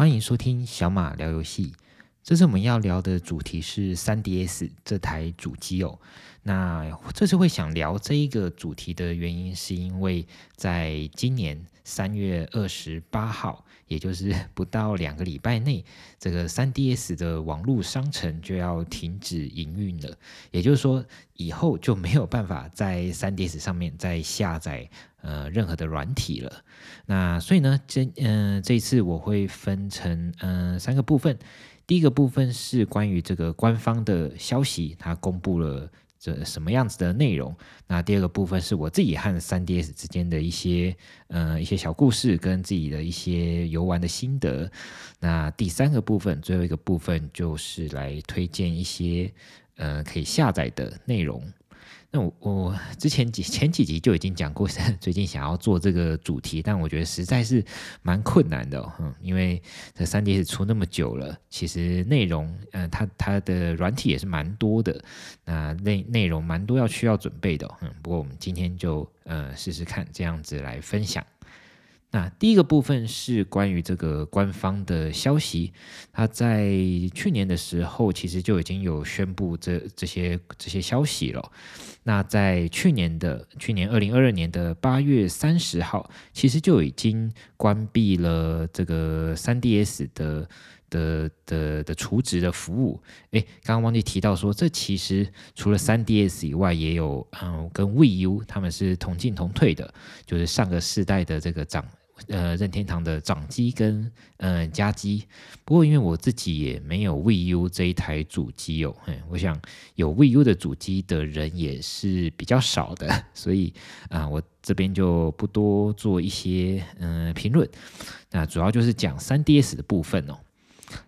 歡迎收聽小馬聊遊戲。這次我們要聊的主題是 3DS 這台主機哦。那這次會想聊這一個主題的原因，是因為在今年三月二十八號，也就是不到兩個禮拜內，這個 3DS 的網絡商城就要停止營運了。也就是說，以後就沒有辦法在 3DS 上面再下載呃任何的軟體了。那所以呢，這嗯、呃，這一次我會分成嗯、呃、三個部分。第一個部分是關於這個官方的消息，他公布了這什麼樣子的內容。那第二個部分是我自己和 3DS 之間的一些，呃，一些小故事跟自己的一些遊玩的心得。那第三個部分，最後一個部分就是來推薦一些，呃，可以下載的內容。那我我之前幾前幾集就已經講過，最近想要做這個主題，但我覺得實在是蠻困難的哦，嗯、因為這 3DS 出那麼久了，其實內容，嗯、呃，它它的軟體也是蠻多的，那內內容蠻多要需要準備的、哦，嗯，不過我們今天就，嗯、呃，試試看這樣子來分享。那第一個部分是關於這個官方的消息，他在去年的時候其實就已經有宣布這這些這些消息了。那在去年的去年二零二二年的八月三十號，其實就已經關閉了這個三 DS 的的的的儲值的服務。哎、欸，剛剛忘記提到說，這其實除了三 DS 以外，也有嗯跟 Wii U 他們是同進同退的，就是上個世代的這個漲呃，任天堂的掌機跟嗯、呃、家機，不過因為我自己也沒有 Wii U 這一台主機哦，嘿，我想有 Wii U 的主機的人也是比較少的，所以啊、呃，我這邊就不多做一些嗯、呃、評論，那主要就是講 3DS 的部分哦。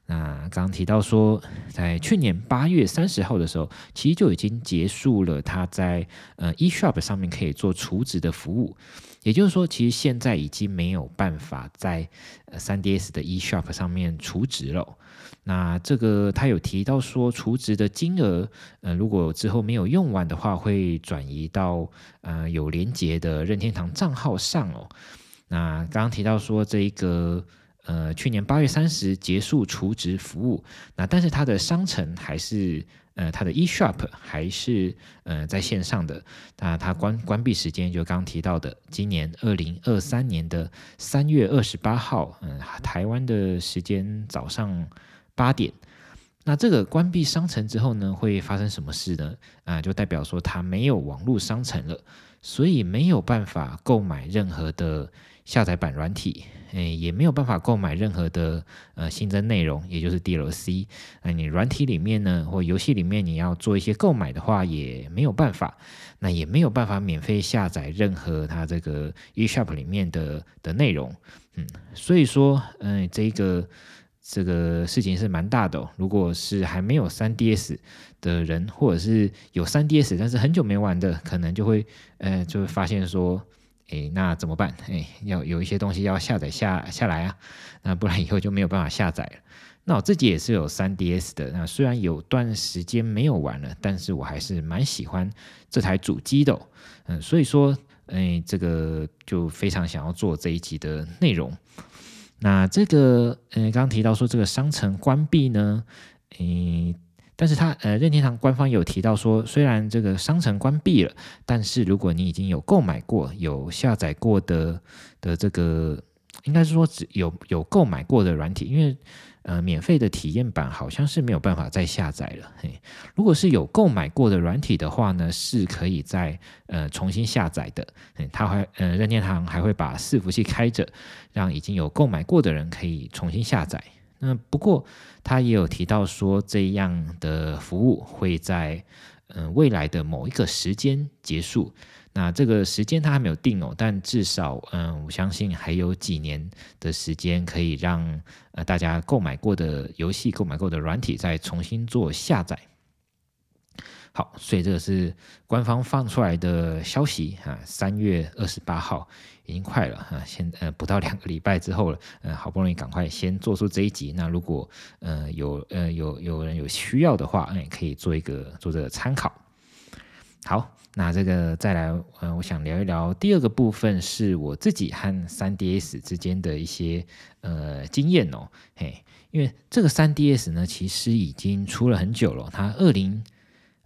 那剛剛提到說，在去年八月三十號的時候，其實就已經結束了它在、呃、eShop 上面可以做儲值的服務。也就是說，其實現在已經沒有辦法在 3DS 的 eShop 上面儲值了哦。那這個他有提到說，儲值的金額，呃，如果之後沒有用完的話，會轉移到呃有連接的任天堂賬號上哦。那剛剛提到說，這一個呃，去年八月三十結束儲值服務。那但是它的商城還是，呃，它的 eShop 還是呃在線上的，那它關關閉時間就剛剛提到的，今年二零二三年的三月二十八號，嗯、呃，台灣的時間早上八點。那這個關閉商城之後呢，會發生什麼事呢？啊、呃，就代表說它沒有網絡商城了，所以沒有辦法購買任何的。下載版軟體，哎、欸，也沒有辦法購買任何的呃新增內容，也就是 DLC。呃，你軟體裡面呢，或遊戲裡面你要做一些購買的話，也沒有辦法。那也沒有辦法免費下載任何它這個 eShop 裡面的的內容。嗯，所以說，嗯、呃，這個這個事情是蠻大的哦。如果是還沒有 3DS 的人，或者是有 3DS，但是很久沒玩的，可能就會呃，就會發現說。哎，那怎麼辦？哎，要有一些東西要下載下下來啊，那不然以後就沒有辦法下載了。那我自己也是有 3DS 的，那雖然有段時間沒有玩了，但是我還是蠻喜歡這台主機的哦。嗯，所以說，哎，這個就非常想要做這一集的內容。那這個，嗯，剛剛提到說這個商城關閉呢，嗯。但是它呃，任天堂官方有提到說，雖然這個商城關閉了，但是如果你已經有購買過、有下載過的的這個，應該是說只有有購買過的軟體，因為呃，免費的體驗版好像是沒有辦法再下載了嘿。如果是有購買過的軟體的話呢，是可以再呃重新下載的。嗯，它還呃任天堂還會把伺服器開着，讓已經有購買過的人可以重新下載。那、嗯、不過他也有提到說，這樣的服務會在嗯未來的某一個時間結束。那這個時間他還沒有定哦，但至少嗯我相信還有幾年的時間可以讓呃大家購買過的遊戲、購買過的軟體再重新做下載。好，所以這個是官方放出來的消息啊，三月二十八號。已經快了哈，現在、呃、不到兩個禮拜之後了，嗯、呃，好不容易趕快先做出這一集。那如果嗯、呃、有呃有有人有需要的話，那、呃、也可以做一個做這個參考。好，那這個再來，嗯、呃，我想聊一聊第二個部分，是我自己和 3DS 之間的一些呃經驗哦，嘿，因為這個 3DS 呢，其實已經出了很久了，它，二零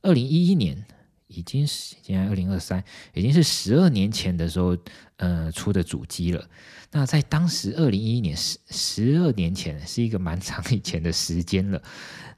二零一一年，已經是現在二零二三，已經, 23, 已經是十二年前的時候，呃，出的主機了。那在當時二零一一年十十二年前，是一個蠻長以前的時間了。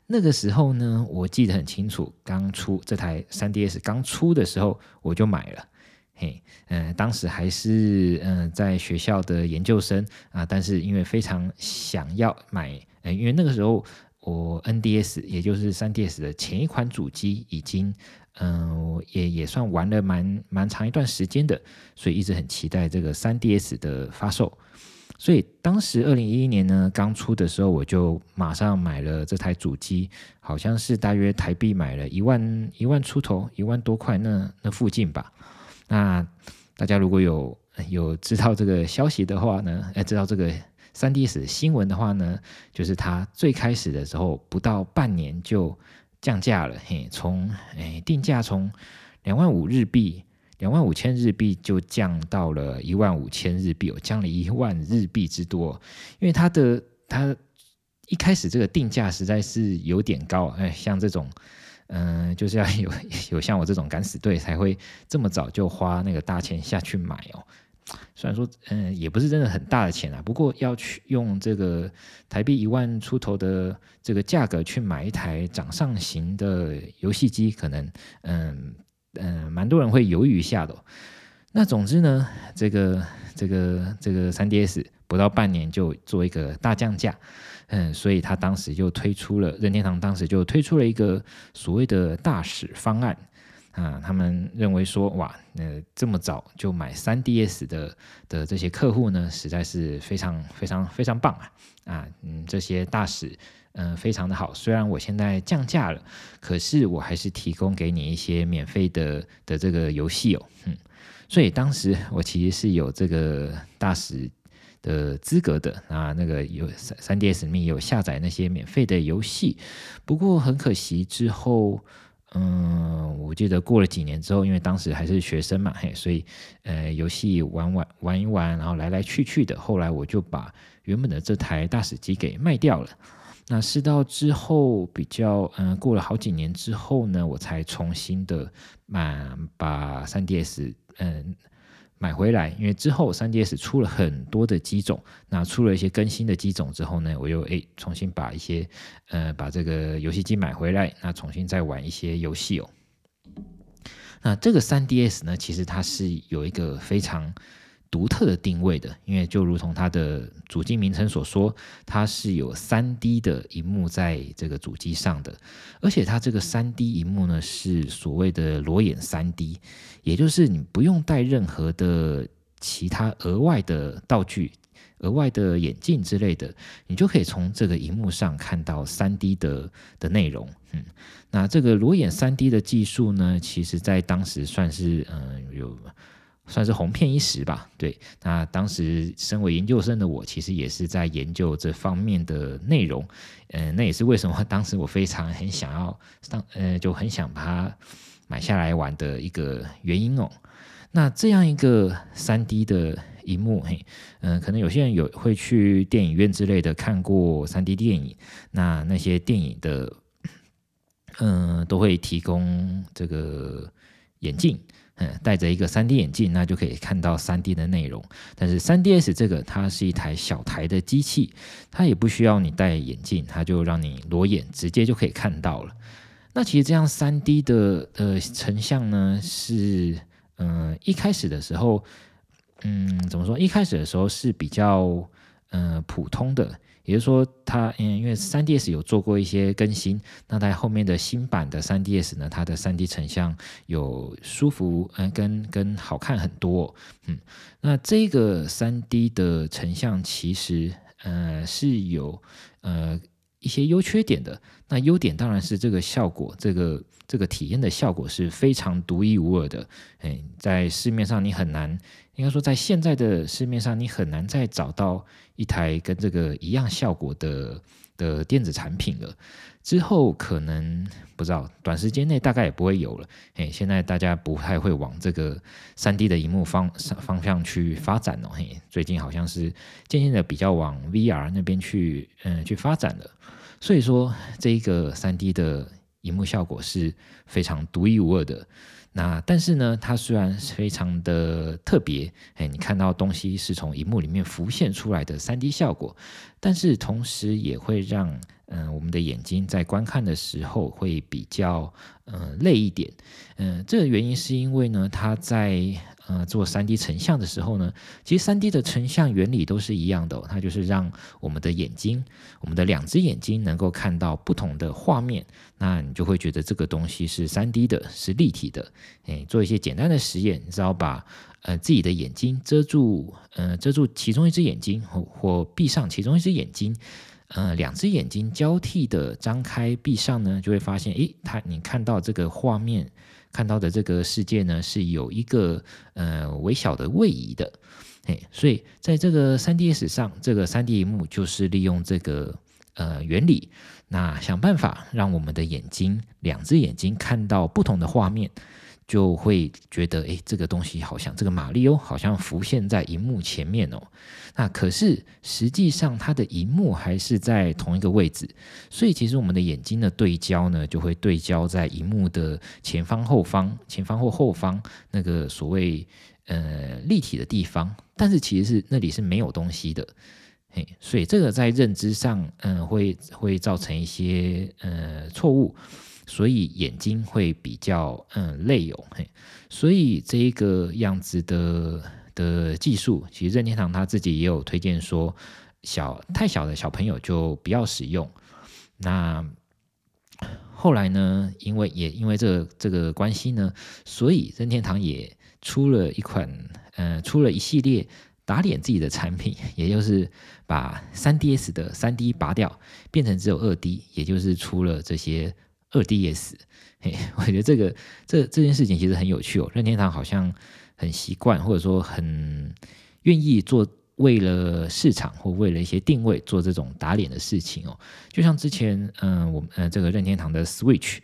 那個時候呢，我記得很清楚，剛出，這台 3DS 剛出的時候，我就買了。嘿，呃，當時還是嗯、呃，在學校的研究生啊、呃，但是因為非常想要買，呃，因為那個時候。我 NDS 也就是 3DS 的前一款主機，已經嗯、呃、也也算玩了蠻蠻長一段時間的，所以一直很期待這個 3DS 的發售。所以當時2011年呢，剛出的時候，我就馬上買了這台主機，好像是大約台幣買了一萬一萬出頭，一萬多塊，那那附近吧。那大家如果有有知道，這個消息的話呢，哎，知道這個。3DS 新聞的話呢，就是它最開始的時候不到半年就降價了，嘿，從誒定價從兩萬五日幣，兩萬五千日幣就降到了一萬五千日幣哦，降了一萬日幣之多，哦。因為它的它一開始這個定價實在是有點高，哎，像這種嗯、呃，就是要有有像我這種敢死隊才會這麼早就花那個大錢下去買哦。雖然說，嗯，也不是真的很大的錢啊，不過要去用這個台幣一萬出頭的這個價格去買一台掌上型的遊戲機，可能，嗯嗯，蠻多人會猶豫一下的喔。那總之呢，這個這個這個 3DS 不到半年就做一個大降價，嗯，所以他當時就推出了任天堂當時就推出了一個所謂的大使方案。啊，他們認為說，哇，那、呃、這麼早就買 3DS 的的這些客戶呢，實在是非常非常非常棒啊！啊，嗯，這些大使，嗯、呃，非常的好。雖然我現在降價了，可是我還是提供給你一些免費的的這個遊戲哦，嗯。所以當時我其實是有這個大使的資格的啊，那個有3、3DS 裡面有下載那些免費的遊戲，不過很可惜之後。嗯，我記得過了幾年之後，因為當時還是學生嘛，嘿，所以呃，遊戲玩玩玩一玩，然後來來去去的。後來我就把原本的這台大使機給賣掉了。那是到之後比較，嗯，過了好幾年之後呢，我才重新的嗯把 3DS，嗯。買回來，因為之後三 DS 出了很多的機種，那出了一些更新的機種之後呢，我又誒、欸、重新把一些呃把這個遊戲機買回來，那重新再玩一些遊戲哦。那這個三 DS 呢，其實它是有一個非常。獨特的定位的，因為就如同它的主機名稱所說，它是有 3D 的熒幕在這個主機上的，而且它這個 3D 熒幕呢是所謂的裸眼 3D，也就是你不用戴任何的其他額外的道具、額外的眼鏡之類的，你就可以從這個熒幕上看到 3D 的的內容。嗯，那這個裸眼 3D 的技術呢，其實在當時算是嗯有。算是紅片一時吧，對。那當時身為研究生的我，其實也是在研究這方面的內容，嗯、呃，那也是為什麼當時我非常很想要，當，嗯，就很想把它買下來玩的一個原因哦、喔。那這樣一個三 D 的熒幕，嘿，嗯、呃，可能有些人有會去電影院之類的看過三 D 電影，那那些電影的，嗯、呃，都會提供這個眼鏡。嗯，戴着一個 3D 眼鏡，那就可以看到 3D 的內容。但是 3DS 這個它是一台小台的機器，它也不需要你戴眼鏡，它就讓你裸眼直接就可以看到了。那其實這樣 3D 的呃成像呢，是嗯、呃、一開始的時候，嗯怎麼說？一開始的時候是比較。嗯，普通的，也就是說，它嗯，因為 3DS 有做過一些更新，那在後面的新版的 3DS 呢，它的 3D 成像有舒服，嗯，跟跟好看很多，哦，嗯，那這個 3D 的成像其實，呃，是有呃一些優缺點的。那優點當然是這個效果，這個這個體驗的效果是非常獨一無二的，哎，在市面上你很難，應該說在現在的市面上你很難再找到。一台跟這個一樣效果的的電子產品了，之後可能不知道，短時間內大概也不會有了。誒，現在大家不太會往這個 3D 的熒幕方方向去發展了哦。嘿，最近好像是漸漸的比較往 VR 那邊去，嗯，去發展了。所以說，這一個 3D 的熒幕效果是非常獨一無二的。那但是呢，它雖然非常的特別，哎、欸，你看到東西是從熒幕裡面浮現出來的 3D 效果，但是同時也會讓嗯、呃、我們的眼睛在觀看的時候會比較嗯、呃、累一點，嗯、呃，這個原因是因為呢，它在。呃、嗯，做三 D 成像的時候呢，其實三 D 的成像原理都是一樣的、哦，它就是讓我們的眼睛，我們的兩隻眼睛能夠看到不同的畫面，那你就會覺得這個東西是三 D 的，是立體的。哎，做一些簡單的實驗，你只要把呃自己的眼睛遮住，呃遮住其中一隻眼睛或或閉上其中一隻眼睛，呃兩隻眼睛交替的張開閉上呢，就會發現，誒，它你看到這個畫面。看到的這個世界呢，是有一個呃微小的位移的。哎，所以在這個 3DS 上，這個 3D 螢幕，就是利用這個呃原理，那想辦法讓我們的眼睛，兩隻眼睛看到不同的畫面。就會覺得，哎、欸，這個東西好像，這個馬力歐好像浮現在熒幕前面哦。那可是實際上，它的熒幕還是在同一個位置，所以其實我們的眼睛的對焦呢，就會對焦在熒幕的前方、後方、前方或後方那個所謂呃立體的地方，但是其實是那裡是沒有東西的。嘿，所以這個在認知上，嗯、呃，會會造成一些呃錯誤。所以眼睛會比較嗯累，嘿，所以這一個樣子的的技術，其實任天堂他自己也有推薦說小、小太小的小朋友就不要使用。那後來呢，因為也因為這這個關係呢，所以任天堂也出了一款，嗯，出了一系列打臉自己的產品，也就是把 3DS 的 3D 拔掉，變成只有 2D，也就是出了這些。二 D S，DS，嘿，我覺得這個這這件事情其實很有趣哦。任天堂好像很習慣，或者說很願意做為了市場或為了一些定位做這種打臉的事情哦。就像之前，嗯、呃，我們嗯、呃、這個任天堂的 Switch，Switch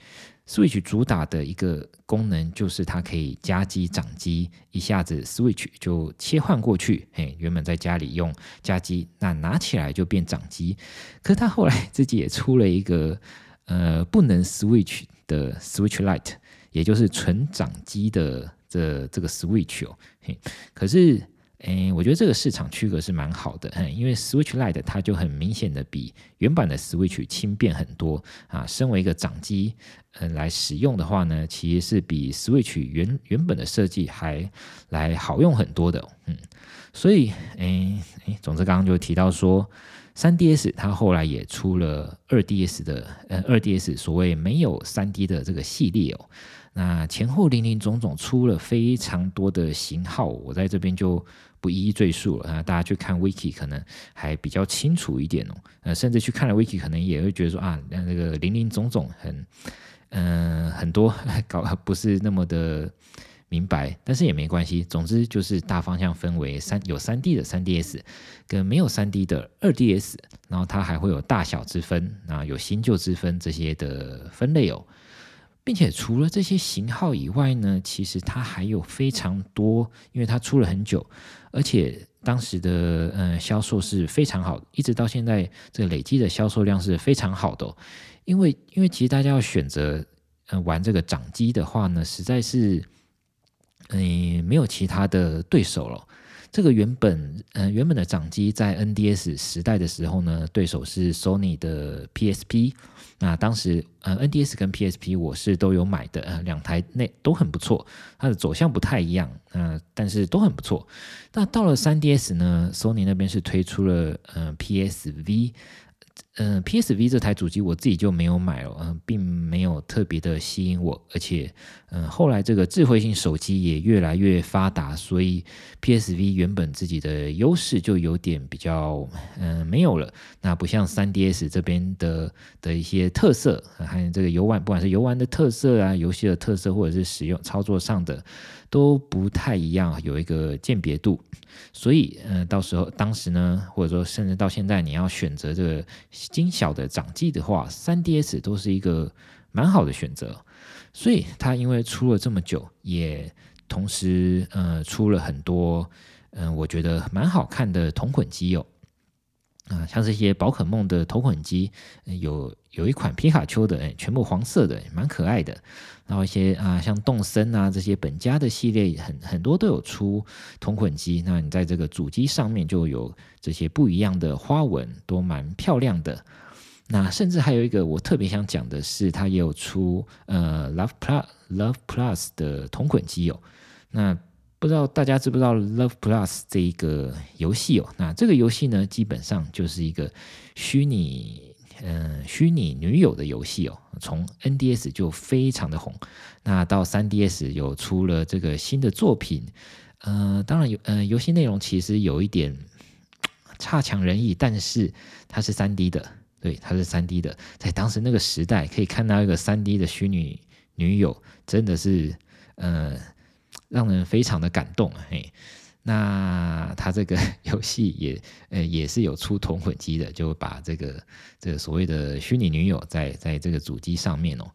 Sw 主打的一個功能就是它可以家機掌機，一下子 Switch 就切換過去。嘿，原本在家裡用家機，那拿起來就變掌機。可他後來自己也出了一個。呃，不能 switch 的 switch lite，也就是純掌機的這這個 switch 哦，嘿。可是，誒、欸，我覺得這個市場區隔是蠻好的，嗯、因為 switch lite 它就很明顯的比原版的 switch 輕便很多啊。身為一個掌機，嗯，來使用的話呢，其實是比 switch 原原本的設計還來好用很多的，嗯。所以，誒、欸欸，總之剛剛就提到說。三 D S 它後來也出了二 D S 的，呃，二 D S 所謂沒有三 D 的這個系列哦。那前後林林總總出了非常多的型號，我在這邊就不一一贅述了啊。大家去看 Wiki 可能還比較清楚一點哦。呃，甚至去看了 Wiki 可能也會覺得說啊，那個林林總總很，嗯、呃，很多搞不是那麼的。明白，但是也沒關係。總之就是大方向分為三，有 3D 的 3DS 跟沒有 3D 的 2DS，然後它還會有大小之分，啊，有新舊之分這些的分類哦。並且除了這些型號以外呢，其實它還有非常多，因為它出了很久，而且當時的嗯銷售是非常好，一直到現在這個累積的銷售量是非常好的哦。因為因為其實大家要選擇嗯玩這個掌機的話呢，實在是。你沒有其他的對手了。這個原本，呃，原本的掌機在 NDS 時代的時候呢，對手是 Sony 的 PSP。那當時，呃，NDS 跟 PSP 我是都有買的，呃，兩台那都很不錯。它的走向不太一樣，呃，但是都很不錯。那到了 3DS 呢，Sony 那邊是推出了，呃，PSV。PSV。嗯、呃、，PSV 這台主機我自己就沒有買了，嗯、呃，並沒有特別的吸引我，而且，嗯、呃，後來這個智慧型手機也越來越發達，所以 PSV 原本自己的優勢就有點比較，嗯、呃，沒有了。那不像 3DS 這邊的的一些特色，呃，還有這個遊玩，不管是遊玩的特色啊，遊戲的特色，或者是使用操作上的都不太一樣，有一個鑑別度。所以，嗯、呃，到時候當時呢，或者說甚至到現在，你要選擇這個。精小的掌機的話，3DS 都是一個蠻好的選擇，所以它因為出了這麼久，也同時呃出了很多嗯、呃，我覺得蠻好看的同捆機哦，啊、呃，像這些寶可夢的同捆機、呃、有。有一款皮卡丘的，欸、全部黃色的，蠻、欸、可愛的。然後一些啊、呃，像動森啊這些本家的系列很，很很多都有出同捆機。那你在這個主機上面就有這些不一樣的花紋，都蠻漂亮的。那甚至還有一個我特別想講的是，它也有出呃 Love Plus Love Plus 的同捆機有、哦。那不知道大家知不知道 Love Plus 這一個遊戲哦？那這個遊戲呢，基本上就是一個虛擬。嗯，虛擬女友的遊戲哦，從 NDS 就非常的紅，那到 3DS 有出了這個新的作品，嗯、呃，當然有，嗯、呃，遊戲內容其實有一點差強人意，但是它是 3D 的，對，它是 3D 的，在當時那個時代可以看到一個 3D 的虛擬女友，真的是、呃，讓人非常的感動，嘿。那它這個遊戲也、呃、也是有出同捆機的，就把這個這個所謂的虛擬女友在在這個主機上面哦，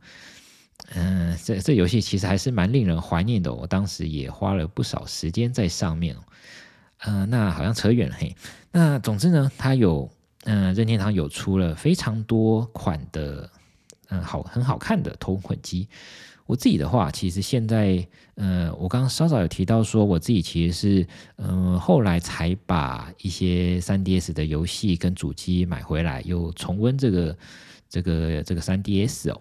嗯、呃，這這遊戲其實還是蠻令人懷念的、哦，我當時也花了不少時間在上面哦，嗯、呃，那好像扯遠了嘿，那總之呢，它有嗯、呃、任天堂有出了非常多款的嗯、呃、好很好看的同捆機。我自己的話，其實現在，呃，我剛剛稍稍有提到說，我自己其實是，嗯、呃，後來才把一些 3DS 的遊戲跟主機買回來，又重溫這個，這個，這個 3DS 哦。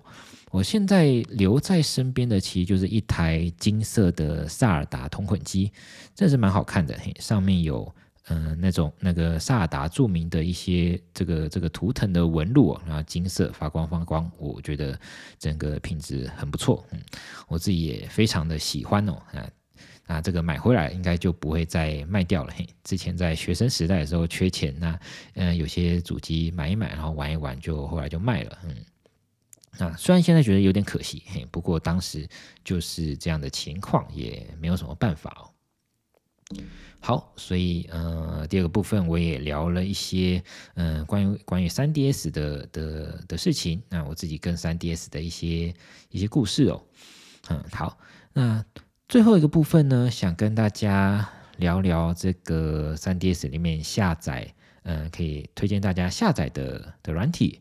我現在留在身邊的，其實就是一台金色的薩爾達同捆機，這是蠻好看的，嘿，上面有。嗯，那種那個薩爾達著名的一些這個這個圖騰的紋路啊、哦，然後金色發光發光，光，我覺得整個品質很不錯。嗯，我自己也非常的喜歡哦啊、嗯、那這個買回來應該就不會再賣掉了。嘿，之前在學生時代的時候缺錢、啊，那嗯，有些主機買一買，然後玩一玩就，就後來就賣了。嗯，那雖然現在覺得有點可惜，嘿，不過當時就是這樣的情況，也沒有什麼辦法哦。好，所以呃，第二個部分我也聊了一些嗯、呃，關於關於 3DS 的的的事情，那我自己跟 3DS 的一些一些故事哦，嗯，好，那最後一個部分呢，想跟大家聊聊這個 3DS 裡面下載，嗯、呃，可以推薦大家下載的的軟體，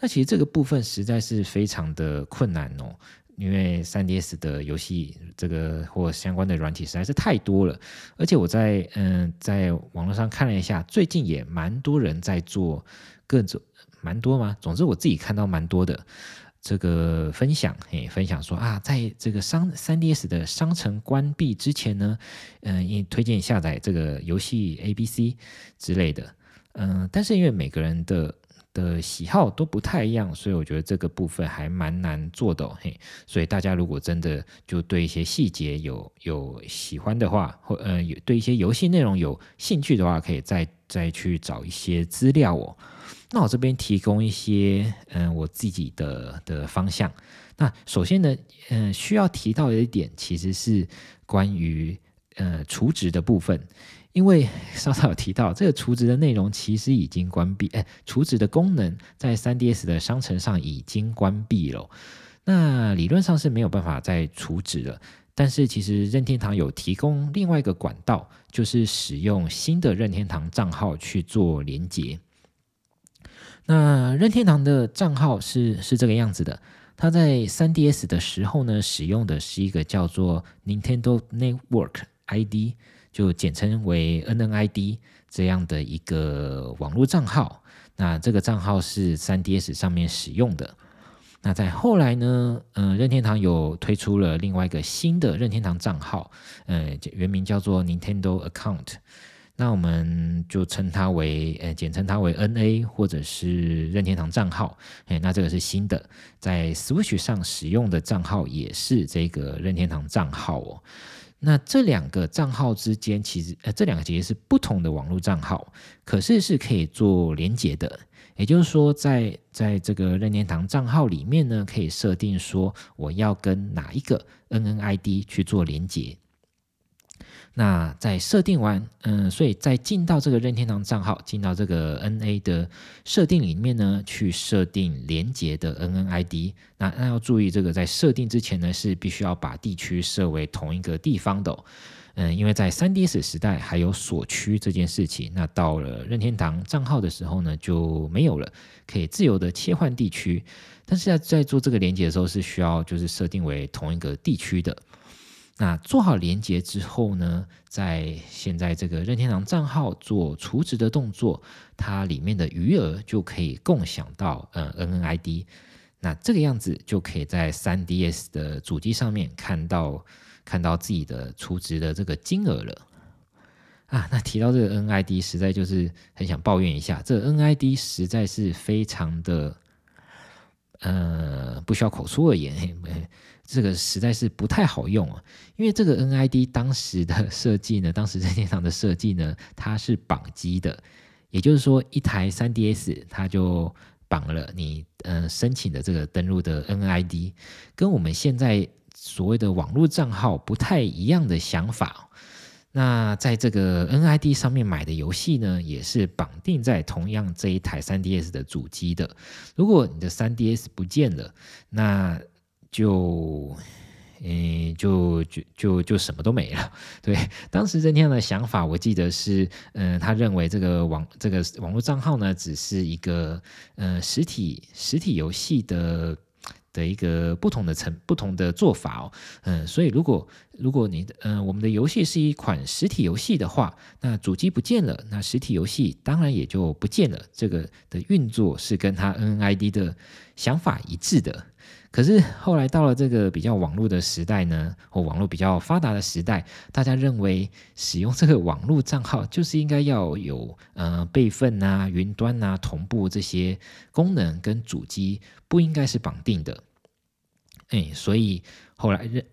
那其實這個部分實在是非常的困難哦。因為 3DS 的遊戲，這個或相關的軟體實在是太多了，而且我在嗯、呃，在網絡上看了一下，最近也蠻多人在做各種蠻多嘛。總之我自己看到蠻多的這個分享，嘿，分享說啊，在這個商 3DS 的商城關閉之前呢，嗯、呃，應推薦下載這個遊戲 ABC 之類的，嗯、呃，但是因為每個人的。的喜好都不太一樣，所以我覺得這個部分還蠻難做的、哦、嘿，所以大家如果真的就對一些細節有有喜歡的話，或呃有對一些遊戲內容有興趣的話，可以再再去找一些資料哦。那我這邊提供一些嗯、呃、我自己的的方向。那首先呢，嗯、呃、需要提到的一點其實是關於呃儲值的部分。因為稍稍有提到，這個儲值的內容其實已經關閉，哎，儲值的功能在 3DS 的商城上已經關閉了。那理論上是沒有辦法再儲值了。但是其實任天堂有提供另外一個管道，就是使用新的任天堂賬號去做連接。那任天堂的賬號是是這個樣子的，它在 3DS 的時候呢，使用的是一個叫做 Nintendo Network ID。就簡稱為 NNID 這樣的一個網絡賬號，那這個賬號是 3DS 上面使用的。那在後來呢，嗯，任天堂有推出了另外一個新的任天堂賬號，嗯、呃，原名叫做 Nintendo Account，那我們就稱它為呃，簡稱它為 NA 或者是任天堂賬號。誒、欸，那這個是新的，在 Switch 上使用的賬號也是這個任天堂賬號哦。那這兩個賬號之間，其實呃，這兩個其實是不同的網絡賬號，可是是可以做連接的。也就是說在，在在這個任天堂賬號裡面呢，可以設定說我要跟哪一個 N N I D 去做連接。那在設定完，嗯，所以在進到這個任天堂賬號，進到這個 N A 的設定裡面呢，去設定連接的 N N I D。那那要注意，這個在設定之前呢，是必須要把地區設為同一個地方的哦，嗯，因為在 3DS 時代還有鎖區這件事情，那到了任天堂賬號的時候呢，就沒有了，可以自由的切換地區。但是在做這個連接的時候，是需要就是設定為同一個地區的。那做好連接之後呢，在現在這個任天堂賬號做儲值的動作，它裡面的餘額就可以共享到嗯、呃、N N I D，那這個樣子就可以在 3DS 的主機上面看到看到自己的儲值的這個金額了啊。那提到這個 N I D，實在就是很想抱怨一下，這個、N I D 實在是非常的嗯、呃，不需要口出惡言。這個實在是不太好用啊，因為這個 NID 當時的設計呢，當時在電腦上的設計呢，它是綁機的，也就是說一台 3DS 它就綁了你嗯、呃、申請的這個登錄的 NID，跟我們現在所謂的網絡賬號不太一樣的想法。那在這個 NID 上面買的遊戲呢，也是綁定在同樣這一台 3DS 的主機的。如果你的 3DS 不見了，那就，嗯、欸，就就就就什麼都沒了。對，當時任天堂的想法，我記得是，嗯、呃，他認為這個網這個網絡賬號呢，只是一個，呃，實體實體遊戲的的一個不同的層不同的做法哦。嗯、呃，所以如果如果你的，嗯、呃，我們的遊戲是一款實體遊戲的話，那主機不見了，那實體遊戲當然也就不見了。這個的運作是跟他 N I D 的想法一致的。可是後來到了這個比較網絡的時代呢，或網絡比較發達的時代，大家認為使用這個網絡賬號就是應該要有呃備份啊、雲端啊、同步這些功能，跟主機不應該是綁定的。哎，所以後來任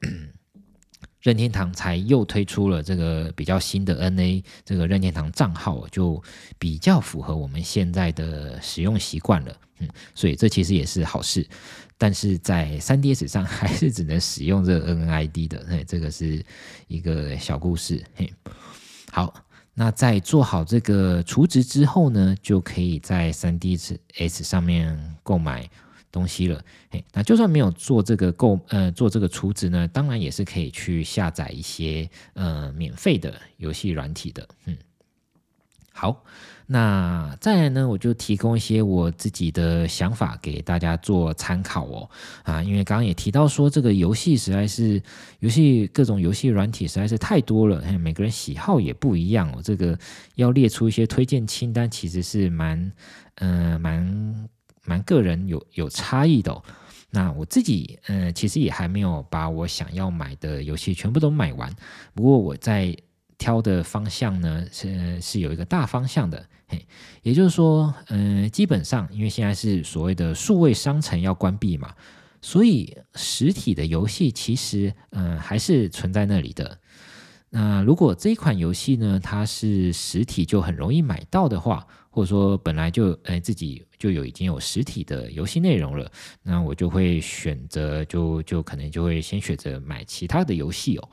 任天堂才又推出了這個比較新的 NA 這個任天堂賬號，就比較符合我們現在的使用習慣了。嗯，所以這其實也是好事。但是在 3DS 上還是只能使用這個 NID 的，嘿，這個是一個小故事。嘿，好，那在做好這個儲值之後呢，就可以在 3DS 上面購買東西了。嘿，那就算沒有做這個購，呃，做這個儲值呢，當然也是可以去下載一些呃免費的遊戲軟體的，嗯。好，那再來呢，我就提供一些我自己的想法給大家做參考哦。啊，因為剛剛也提到說，這個遊戲實在是遊戲各種遊戲軟體實在是太多了，每個人喜好也不一樣哦。我這個要列出一些推薦清單，其實是蠻嗯、呃、蠻蠻個人有有差異的哦。那我自己嗯、呃，其實也還沒有把我想要買的遊戲全部都買完，不過我在。挑的方向呢是、呃、是有一個大方向的，嘿，也就是說，嗯、呃，基本上因為現在是所謂的數位商城要關閉嘛，所以實體的遊戲其實，嗯、呃，還是存在那裡的。那如果這一款遊戲呢，它是實體就很容易買到的話，或者說本來就哎、呃、自己就有已經有實體的遊戲內容了，那我就會選擇就就可能就會先選擇買其他的遊戲哦。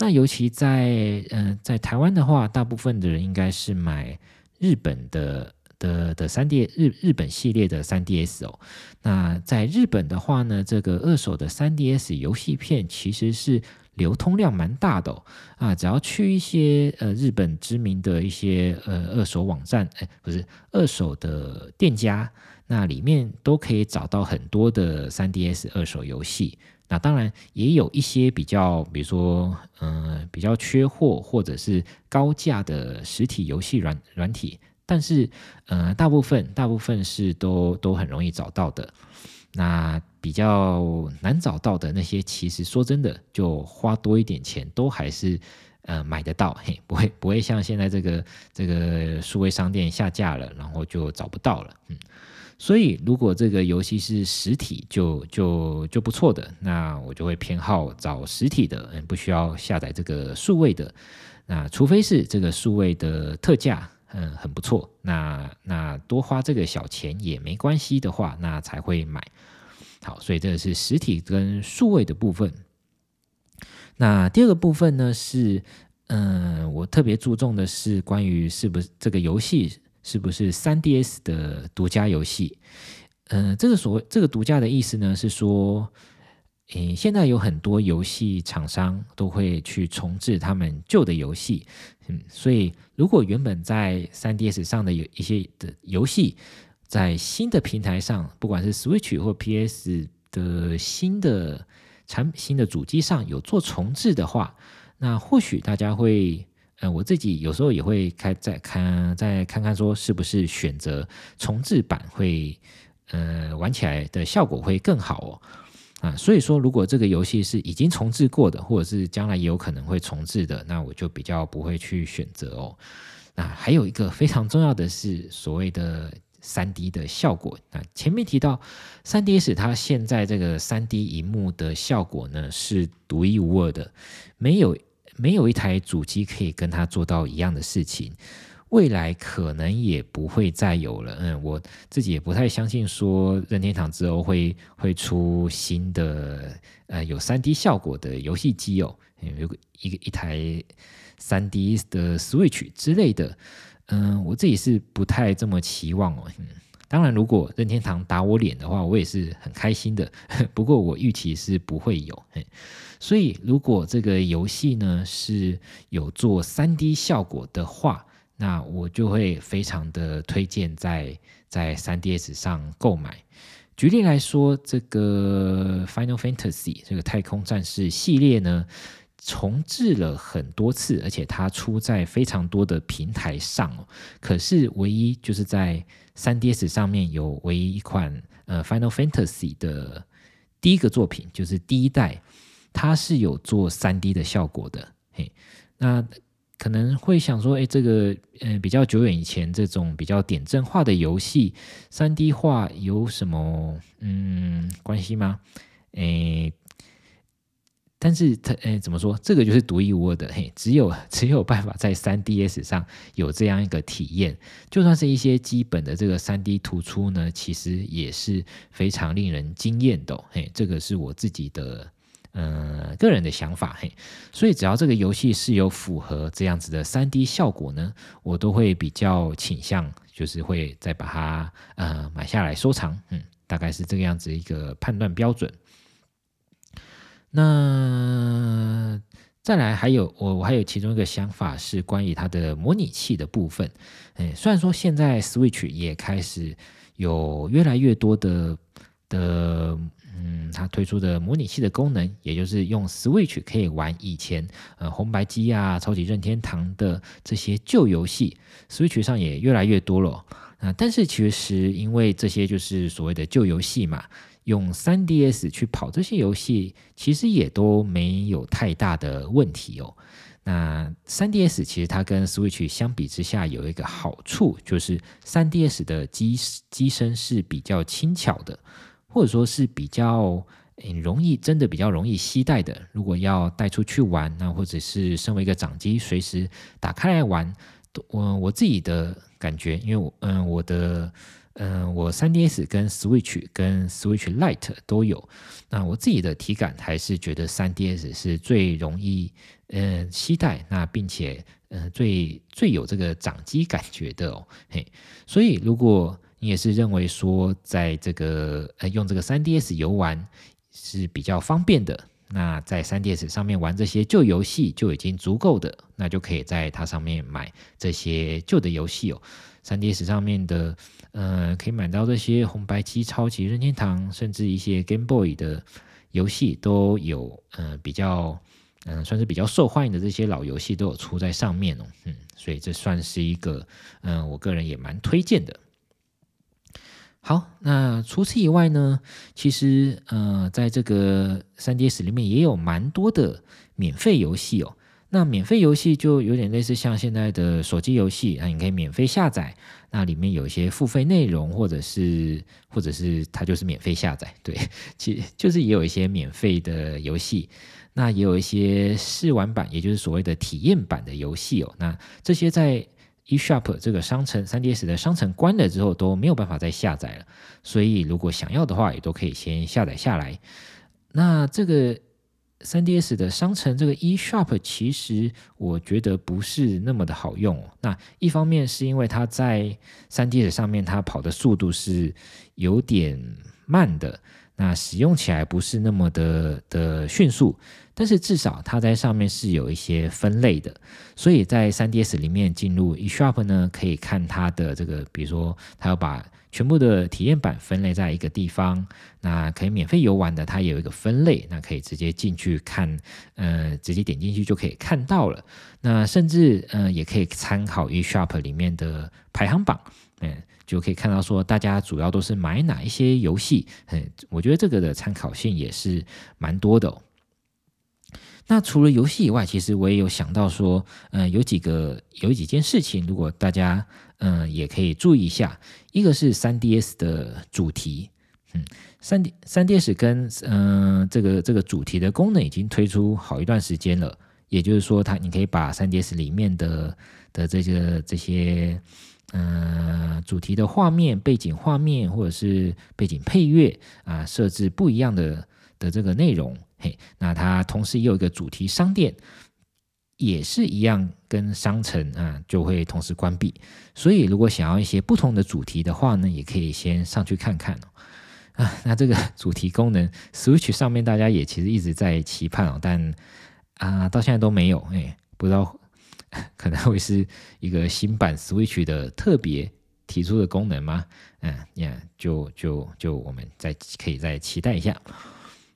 那尤其在嗯、呃，在台灣的話，大部分的人應該是買日本的的的三 DS 日日本系列的三 DS 哦。那在日本的話呢，這個二手的三 DS 遊戲片其實是流通量蠻大的哦。啊，只要去一些呃日本知名的一些呃二手網站，哎、呃，不是二手的店家，那裡面都可以找到很多的三 DS 二手遊戲。那當然也有一些比較，比如說，嗯，比較缺貨或者是高價的實體遊戲軟軟體，但是，嗯，大部分大部分是都都很容易找到的。那比較難找到的那些，其實說真的，就花多一點錢，都還是呃買得到，嘿，不會不會像現在這個這個數位商店下架了，然後就找不到了，嗯。所以，如果這個遊戲是實體，就就就不錯的，那我就會偏好找實體的，嗯，不需要下載這個數位的。那除非是這個數位的特價，嗯，很不錯，那那多花這個小錢也沒關係的話，那才會買。好，所以這個是實體跟數位的部分。那第二個部分呢，是嗯，我特別注重的是關於是不是這個遊戲。是不是 3DS 的獨家遊戲？嗯、呃，這個所謂這個獨家的意思呢，是說，嗯、欸，現在有很多遊戲廠商都會去重製他們舊的遊戲，嗯，所以如果原本在 3DS 上的有一些的遊戲，在新的平台上，不管是 Switch 或 PS 的新的產新的主機上有做重製的話，那或許大家會。嗯、呃，我自己有時候也會開，再看，再看看說是不是選擇重置版會，呃，玩起來的效果會更好哦。啊，所以說如果這個遊戲是已經重置過的，或者是將來也有可能會重置的，那我就比較不會去選擇哦。那還有一個非常重要的是所謂的 3D 的效果。那前面提到 3DS 它現在這個 3D 螢幕的效果呢是獨一無二的，沒有。沒有一台主機可以跟他做到一樣的事情，未來可能也不會再有了。嗯，我自己也不太相信說任天堂之後會會出新的呃有三 D 效果的遊戲機哦，有、嗯、個一個一台三 D 的 Switch 之類的。嗯，我自己是不太這麼期望哦。嗯、當然，如果任天堂打我臉的話，我也是很開心的。不過我預期是不會有。嗯所以，如果這個遊戲呢是有做 3D 效果的話，那我就會非常的推薦在在 3DS 上購買。舉例來說，這個 Final Fantasy 這個太空戰士系列呢，重製了很多次，而且它出在非常多的平台上哦，可是唯一就是在 3DS 上面有唯一一款呃 Final Fantasy 的第一個作品，就是第一代。它是有做三 D 的效果的，嘿，那可能會想說，哎、欸，這個，嗯、呃，比較久遠以前這種比較點陣化的遊戲，三 D 化有什麼，嗯，關係嗎？哎、欸，但是它，哎、欸，怎麼說，這個就是獨一無二的，嘿，只有只有辦法在三 DS 上有這樣一個體驗，就算是一些基本的這個三 D 突出呢，其實也是非常令人驚艷的，嘿，這個是我自己的。嗯、呃，個人的想法嘿，所以只要這個遊戲是有符合這樣子的 3D 效果呢，我都會比較傾向，就是會再把它呃買下來收藏，嗯，大概是這個樣子一個判斷標準。那再來還有我我還有其中一個想法是關於它的模擬器的部分，哎，雖然說現在 Switch 也開始有越來越多的。的嗯，它推出的模擬器的功能，也就是用 Switch 可以玩以前呃紅白機啊、超級任天堂的這些舊遊戲，Switch 上也越來越多了啊、哦。但是其實因為這些就是所謂的舊遊戲嘛，用 3DS 去跑這些遊戲，其實也都沒有太大的問題哦。那 3DS 其實它跟 Switch 相比之下有一個好處，就是 3DS 的機機身是比較輕巧的。或者說是比較嗯容易，真的比較容易攜帶的。如果要帶出去玩，那或者是身為一個掌機，隨時打開來玩，我、呃、我自己的感覺，因為我嗯、呃，我的嗯、呃，我 3DS 跟 Switch 跟 Switch Lite 都有，那我自己的體感還是覺得 3DS 是最容易嗯攜帶，那並且嗯、呃、最最有這個掌機感覺的哦。嘿，所以如果你也是認為說，在這個呃用這個 3DS 遊玩是比較方便的。那在 3DS 上面玩這些舊遊戲就已經足夠的，那就可以在它上面買這些舊的遊戲哦。3DS 上面的，呃可以買到這些紅白機、超級任天堂，甚至一些 Game Boy 的遊戲都有，嗯、呃，比較，嗯、呃，算是比較受歡迎的這些老遊戲都有出在上面哦、喔。嗯，所以這算是一個，嗯、呃，我個人也蠻推薦的。好，那除此以外呢，其實，呃，在這個 3DS 裡面也有蠻多的免費遊戲哦。那免費遊戲就有點類似像現在的手機遊戲，那你可以免費下載，那裡面有一些付費內容，或者是或者是它就是免費下載。對，其實就是也有一些免費的遊戲，那也有一些試玩版，也就是所謂的體驗版的遊戲哦。那這些在 eShop 這個商城，3DS 的商城關了之後都沒有辦法再下載了，所以如果想要的話，也都可以先下載下來。那這個 3DS 的商城這個 eShop 其實我覺得不是那麼的好用哦。那一方面是因為它在 3DS 上面它跑的速度是有點慢的，那使用起來不是那麼的的迅速。但是至少它在上面是有一些分類的，所以在 3DS 裡面進入 eShop 呢，可以看它的這個，比如說它要把全部的體驗版分類在一個地方，那可以免費遊玩的，它也有一個分類，那可以直接進去看，呃，直接點進去就可以看到了。那甚至嗯、呃，也可以參考 eShop 裡面的排行榜，嗯，就可以看到說大家主要都是買哪一些遊戲，嗯，我覺得這個的參考性也是蠻多的哦。那除了遊戲以外，其實我也有想到說，嗯，有幾個有幾件事情，如果大家嗯也可以注意一下。一個是 3DS 的主題，嗯，3D 3DS 跟嗯這個這個主題的功能已經推出好一段時間了，也就是說，它你可以把 3DS 裡面的的這些這些嗯主題的畫面、背景畫面或者是背景配樂啊，設置不一樣的的這個內容。嘿，那它同時也有一個主題商店，也是一樣跟商城啊、嗯、就會同時關閉。所以如果想要一些不同的主題的話呢，也可以先上去看看哦。啊，那這個主題功能 Switch 上面大家也其實一直在期盼哦，但啊到現在都沒有哎、欸，不知道可能會是一個新版 Switch 的特別提出的功能嗎？嗯，也就就就我們再可以再期待一下。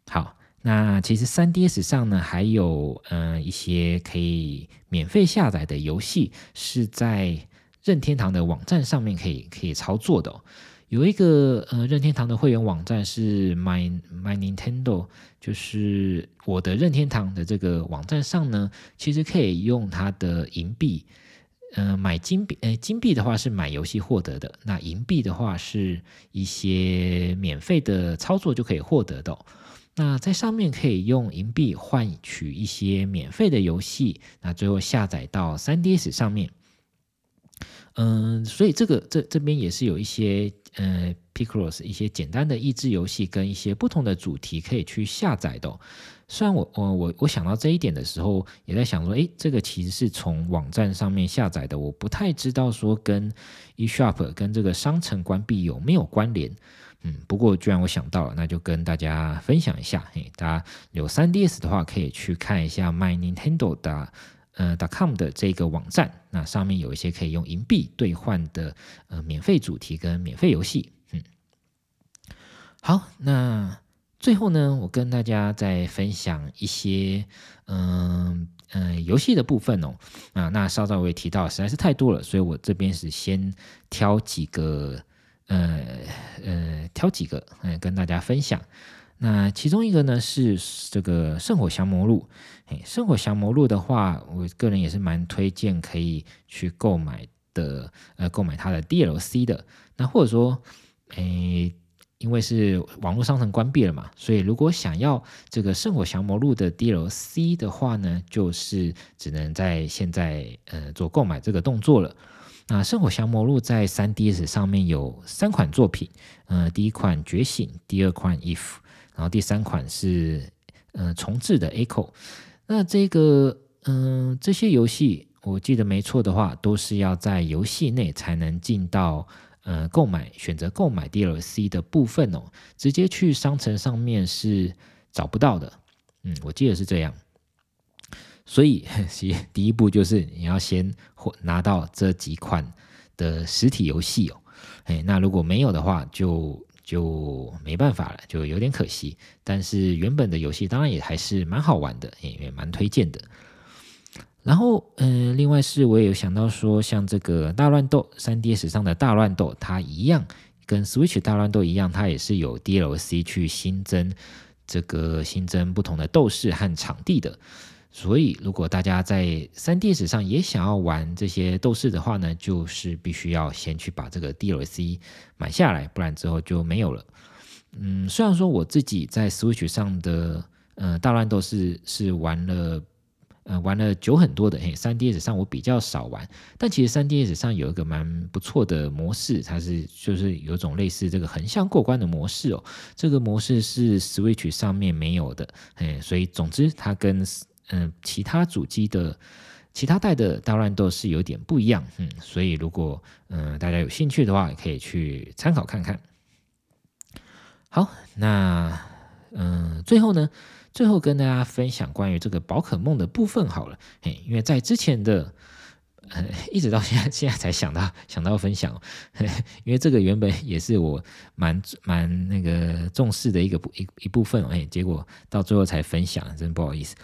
好。那其實 3DS 上呢，還有嗯一些可以免費下載的遊戲，是在任天堂的網站上面可以可以操作的哦。有一個呃任天堂的會員網站是 My My Nintendo，就是我的任天堂的這個網站上呢，其實可以用它的銀幣，嗯，呃，買金幣，呃金幣的話是買遊戲獲得的，那銀幣的話是一些免費的操作就可以獲得的哦。那在上面可以用銀幣換取一些免費的遊戲，那最後下載到 3DS 上面。嗯，所以這個這這邊也是有一些呃、嗯、Picross 一些簡單的益智遊戲跟一些不同的主題可以去下載的，哦。雖然我我我我想到這一點的時候，也在想說，誒、欸，這個其實是從網站上面下載的，我不太知道說跟 Eshop 跟這個商城關閉有沒有關聯。嗯，不過居然我想到了，那就跟大家分享一下。嘿，大家有 3DS 的話，可以去看一下 My Nintendo 的呃 .com 的這個網站，那上面有一些可以用銀幣兌換的呃免費主題跟免費遊戲。嗯，好，那最後呢，我跟大家再分享一些嗯嗯、呃呃、遊戲的部分哦。啊，那稍早我也提到實在是太多了，所以我這邊是先挑幾個。呃呃，挑幾個嗯、呃、跟大家分享。那其中一個呢，是這個《聖火降魔錄》欸，《聖火降魔錄》的話，我個人也是蠻推薦可以去購買的，呃，購買它的 DLC 的。那或者說，哎、欸，因為是網絡商城關閉了嘛，所以如果想要這個《聖火降魔錄》的 DLC 的話呢，就是只能在現在呃做購買這個動作了。那《聖火降魔錄》在 3DS 上面有三款作品，嗯，第一款《覺醒》，第二款《If》，然後第三款是嗯、呃、重置的 Echo。那這個嗯、呃、這些遊戲，我記得沒錯的話，都是要在遊戲內才能進到嗯、呃、購買選擇購買 DLC 的部分哦，直接去商城上面是找不到的。嗯，我記得是這樣。所以，第一步就是你要先拿到這幾款的實體遊戲哦。哎，那如果沒有的話就，就就沒辦法了，就有點可惜。但是原本的遊戲當然也還是蠻好玩的，也也蠻推薦的。然後，嗯、呃，另外是，我也有想到說，像這個大亂鬥，3DS 上的大亂鬥，它一樣跟 Switch 大亂鬥一樣，它也是有 DLC 去新增這個新增不同的鬥士和場地的。所以，如果大家在 3DS 上也想要玩這些鬥士的話呢，就是必須要先去把這個 DLC 買下來，不然之後就沒有了。嗯，雖然說我自己在 Switch 上的呃大亂鬥是是玩了呃玩了久很多的，哎，3DS 上我比較少玩，但其實 3DS 上有一個蠻不錯的模式，它是就是有種類似這個橫向過關的模式哦，這個模式是 Switch 上面沒有的，哎，所以總之它跟。嗯，其他主機的其他代的當然都是有點不一樣，嗯，所以如果嗯大家有興趣的話，也可以去參考看看。好，那嗯最後呢，最後跟大家分享關於這個寶可夢的部分好了，嘿，因為在之前的。呃、一直到現在，現在才想到想到分享，哦呵呵，因為這個原本也是我蠻蠻那個重視的一個一一部分，哦，哎，欸，結果到最後才分享，真不好意思。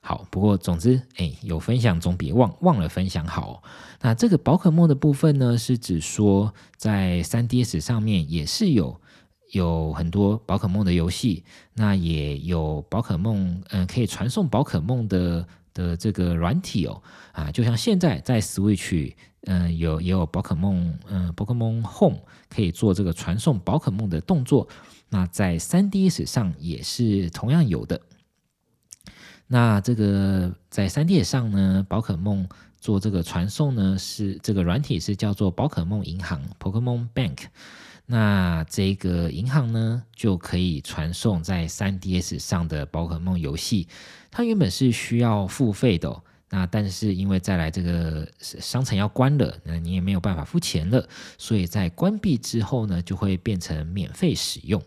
好，不過總之，哎，欸，有分享總比忘忘了分享好，哦。那這個寶可夢的部分呢，是指說在 3DS 上面也是有有很多寶可夢的遊戲，那也有寶可夢，嗯，呃，可以傳送寶可夢的。的這個軟體哦，啊，就像現在在 Switch，嗯、呃，有也有寶可夢，嗯、呃，寶可夢 Home 可以做這個傳送寶可夢的動作，那在 3DS 上也是同樣有的。那這個在 3DS 上呢，寶可夢做這個傳送呢，是這個軟體是叫做寶可夢銀行，寶可夢 Bank。那這個銀行呢，就可以傳送在 3DS 上的寶可夢遊戲，它原本是需要付費的哦。那但是因為再來這個商城要關了，那你也沒有辦法付錢了，所以在關閉之後呢，就會變成免費使用。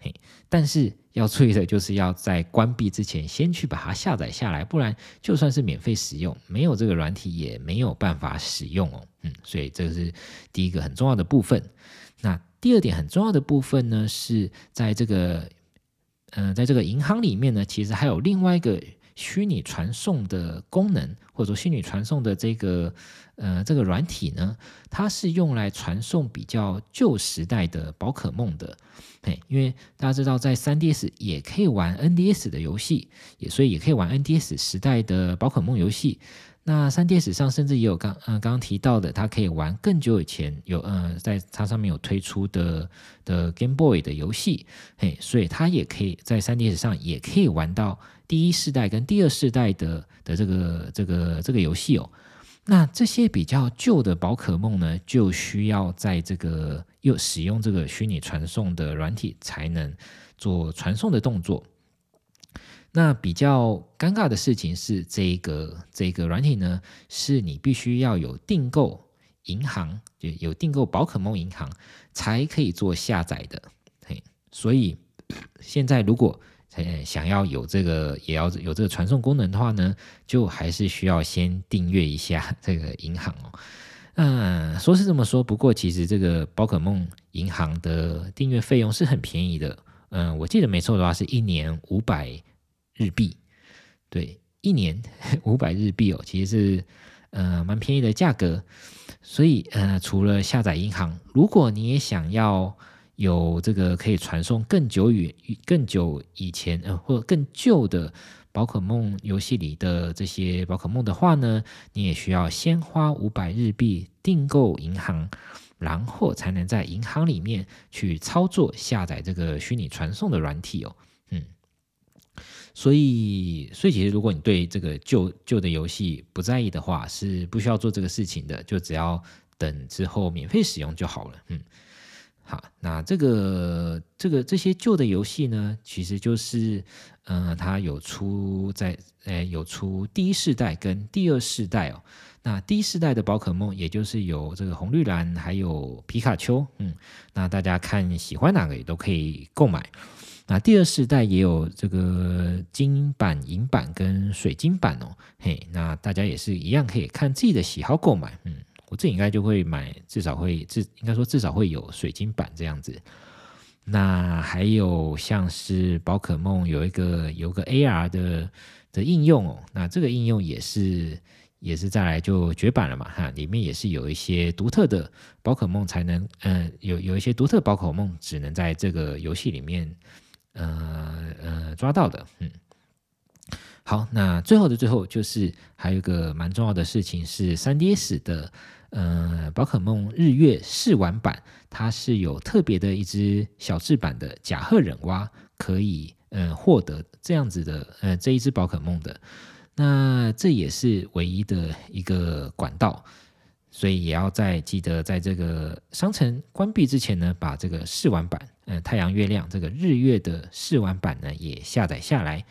嘿，但是要注意的就是要在關閉之前先去把它下載下來，不然就算是免費使用，沒有這個軟體也沒有辦法使用哦。嗯，所以這個是第一個很重要的部分。那。第二點很重要的部分呢，是在這個，嗯、呃，在這個銀行裡面呢，其實還有另外一個虛擬傳送的功能，或者說虛擬傳送的這個。呃，這個軟體呢，它是用來傳送比較舊時代的寶可夢的，嘿，因為大家知道，在 3DS 也可以玩 NDS 的遊戲，也所以也可以玩 NDS 時代的寶可夢遊戲。那3 DS 上甚至也有剛嗯、呃、剛剛提到的，它可以玩更久以前有嗯、呃，在它上面有推出的的 Game Boy 的遊戲，嘿，所以它也可以在 3DS 上也可以玩到第一世代跟第二世代的的這個這個這個遊戲哦。那這些比較舊的寶可夢呢，就需要在這個又使用這個虛擬傳送的軟體才能做傳送的動作。那比較尷尬的事情是，這個這個軟體呢，是你必須要有訂購銀行，就有訂購寶可夢銀行才可以做下載的。嘿，所以現在如果想要有這個，也要有這個傳送功能的話呢，就還是需要先訂閱一下這個銀行哦。嗯，說是這麼說，不過其實這個寶可夢銀行的訂閱費用是很便宜的。嗯，我記得沒錯的話，是一年五百日幣。對，一年五百日幣哦，其實是嗯，蠻便宜的價格。所以呃，嗯，除了下載銀行，如果你也想要。有這個可以傳送更久遠、更久以前，呃，或更舊的寶可夢遊戲裡的這些寶可夢的話呢，你也需要先花五百日幣訂購銀行，然後才能在銀行裡面去操作下載這個虛擬傳送的軟體哦。嗯，所以，所以其實如果你對這個舊舊的遊戲不在意的話，是不需要做這個事情的，就只要等之後免費使用就好了。嗯。好，那這個這個這些舊的遊戲呢，其實就是，嗯、呃，它有出在，哎、呃，有出第一世代跟第二世代哦。那第一世代的寶可夢，也就是有這個紅、綠、藍，還有皮卡丘，嗯，那大家看喜歡哪個也都可以購買。那第二世代也有這個金版、銀版跟水晶版哦，嘿，那大家也是一樣可以看自己的喜好購買，嗯。這應該就會買，至少會至應該說至少會有水晶版這樣子。那還有像是寶可夢有一個有一個 AR 的的應用、哦，那這個應用也是也是再來就絕版了嘛哈，裡面也是有一些獨特的寶可夢才能，嗯、呃，有有一些獨特的寶可夢只能在這個遊戲裡面，呃呃抓到的，嗯。好，那最後的最後就是還有一個蠻重要的事情是 3DS 的。嗯，寶、呃、可夢日月試玩版，它是有特別的一隻小智版的甲賀忍蛙，可以嗯獲、呃、得這樣子的呃這一隻寶可夢的，那這也是唯一的一個管道，所以也要再記得，在這個商城關閉之前呢，把這個試玩版，嗯、呃，太陽月亮這個日月的試玩版呢也下載下來，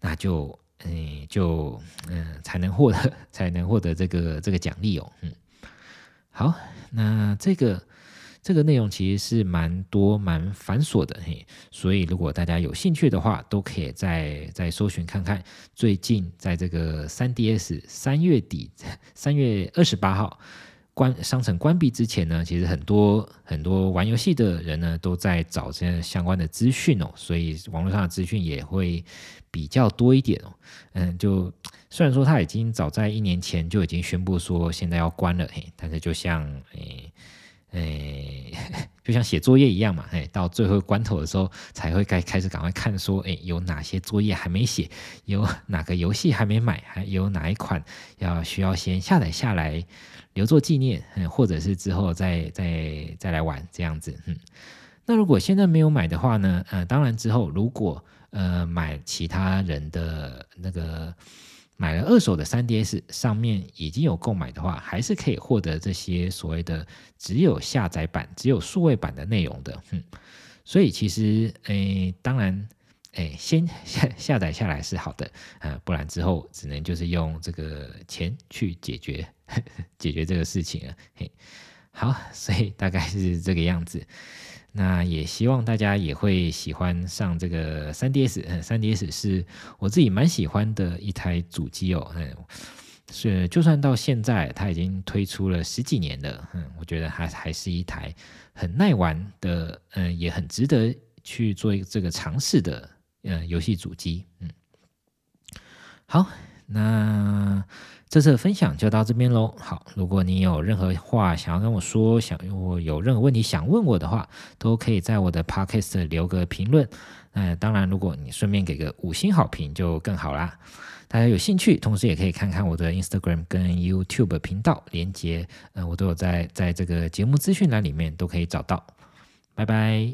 那就嗯、呃、就嗯、呃、才能獲得才能獲得這個這個獎勵哦，嗯。好，那這個這個內容其實是蠻多、蠻繁瑣的嘿，所以如果大家有興趣的話，都可以再再搜尋看看。最近在這個 3DS 三月底，三月二十八號關商城關閉之前呢，其實很多很多玩遊戲的人呢都在找這些相關的資訊哦，所以網絡上的資訊也會比較多一點哦。嗯，就。雖然說他已經早在一年前就已經宣布說現在要關了，但是就像哎，就像寫作業一樣嘛，到最後關頭的時候才會該開始趕快看說，有哪些作業還沒寫，有哪個遊戲還沒買，還有哪一款要需要先下載下來留作紀念，或者是之後再再再來玩這樣子，嗯，那如果現在沒有買的話呢，嗯、呃，當然之後如果呃買其他人的那個。買了二手的 3DS，上面已經有購買的話，還是可以獲得這些所謂的只有下載版、只有數位版的內容的。嗯，所以其實，哎、欸，當然，哎、欸，先下下載下來是好的，啊、呃，不然之後只能就是用這個錢去解決解決這個事情了。嘿，好，所以大概是這個樣子。那也希望大家也會喜歡上這個 3DS，嗯，3DS 是我自己蠻喜歡的一台主機哦，嗯，是就算到現在它已經推出了十幾年了，嗯，我覺得還還是一台很耐玩的，嗯，也很值得去做一個這個嘗試的，嗯，遊戲主機，嗯，好，那。這次的分享就到這邊嘍。好，如果你有任何話想要跟我說，想我有任何問題想問我的話，都可以在我的 podcast 留個評論。嗯，當然，如果你順便給個五星好評就更好啦。大家有興趣，同時也可以看看我的 Instagram 跟 YouTube 頻道連接，嗯，我都有在在這個節目資訊欄裡面都可以找到。拜拜。